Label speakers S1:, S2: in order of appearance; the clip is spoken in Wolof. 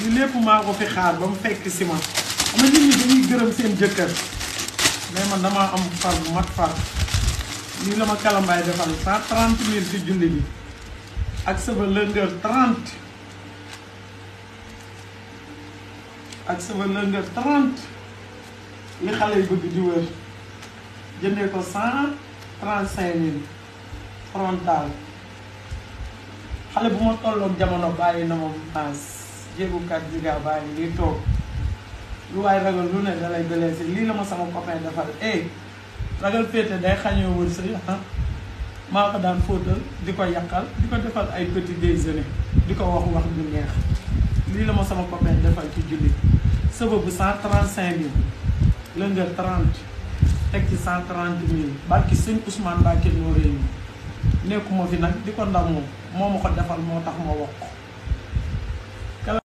S1: li lépp maa ko fi xaar ba mu fekk si ma xam nga nit ñi dañuy gërëm seen jëkkër mais man dama am far bu mat far lii la ma kalambaay defal cent trente mille si junni bi ak sama lëndër trente ak sama lëndër trente li xale yi bëgg di wër jëndee ko cent trente cinq mille frontal xale bu ma tolloon jamono bàyyi na ma maas jéegukat jigaar baa ngi nii toog lu waay ragal lu ne dalay blessé lii la ma sama copain defal eh ragal féete day xañoo wërsëg ah. maa ko daan fóotal di ko yàqal di ko defal ay petit déjeuner di ko wax wax du neex lii la ma sama copain defal ci jullit bu cent trente cinq mille lëngër trente teg ci cent trente mille barki sëñ Ousmane Mbacké noo réew mi nekkuma fi nag di ko ndamoo moo ma ko defal moo tax ma wax ko